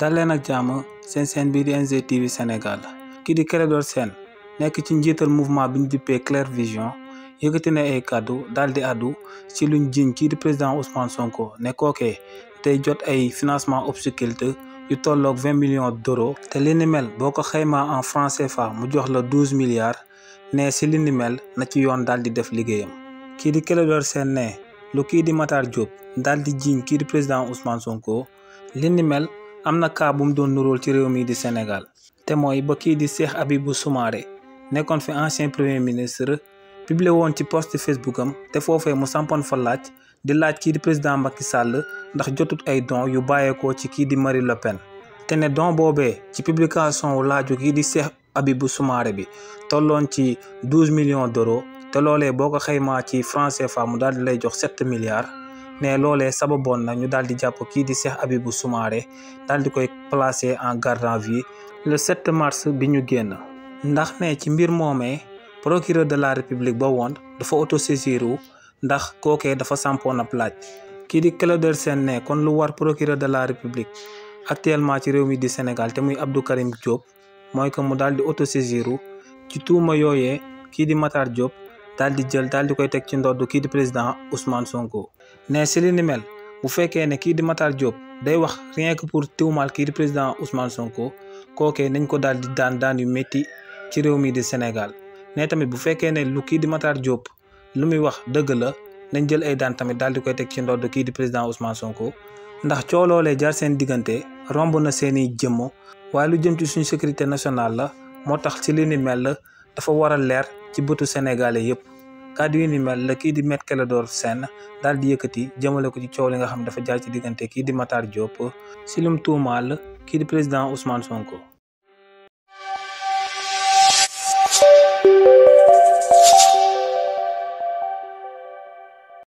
dal leen ak jàmm seen seen bii di NGTV Sénégal kii di Clédor seen nekk ci njiital mouvement bi ñu dippee Clair Vision yëkkati ne ay kàddu daal di àddu ci luñ jiñ kii di président Ousmane Sonko ne kookee tey jot ay financement obsculte yu tolloog vingt millions d'euros te li mel boo ko xaymaa en franc CFA mu jox la douze milliards ne si li mel na ci yoon daal di def liggéeyam kii di Clédor Sène ne lu kii di Matar Diop daal di jiñ kii di président Ousmane Sonko am na kaa bu mu doon nurool ci réew mii di Sénégal te mooy ba kii di Cheikh bu Soumaré nekkoon fi ancien premier ministre publié woon ci post Facebook am te foofee mu sampoon fa laaj di laaj kii di président Macky Sall ndax jotut ay don yu bàyyeekoo ci kii di Marie Le Pen te ne don boobee ci publication wu laaju kii di Cheikh bu Soumaré bi tolloon ci douze millions d'euros te loolee boo ko xaymaa ci franc CFA mu daal di lay jox sept milliards ne loolee sababoon na ñu daal di jàpp kii di Cheikh Abibou Soumaré daal di koy placé en garde à le 7 mars bi ñu génn ndax ne ci mbir moomee procureur de la république ba woon dafa autosaisir wu ndax kookee dafa sampoon a laaj kii di Clédor Sène ne kon lu war procureur de la république actuellement ci réew mi di Sénégal te muy Abdou Karim Diop mooy que mu daal di autosaisir ci tuuma yooyee kii di Matar Diop daal di jël daal di koy teg ci ndodd kii di président Ousmane Sonko. ne si li ni mel bu fekkee ne kii di Matar Diop day wax rien que pour tiwmaal kii di président Ousmane Sonko kookee nañ ko daal di daan daan yu métti ci réew mii di Sénégal nee tamit bu fekkee ne lu kii di Matar Diop lu muy wax dëgg la nañ jël ay daan tamit daal di koy teg ci ndodd kii di président Ousmane Sonko. ndax cooloolee jaar seen diggante romb na seeni jëmm waaye lu jëm ci suñu sécurité nationale la moo tax ci li ni mel dafa war leer ci bëtu Sénégalais yépp kàddu yu ni mel la kii di Maître Clédor Sène daal di yëkkati jëmale ko ci coow li nga xam dafa jaar ci diggante kii di Matar Diop si lum tuumaal kii di président Ousmane Sonko.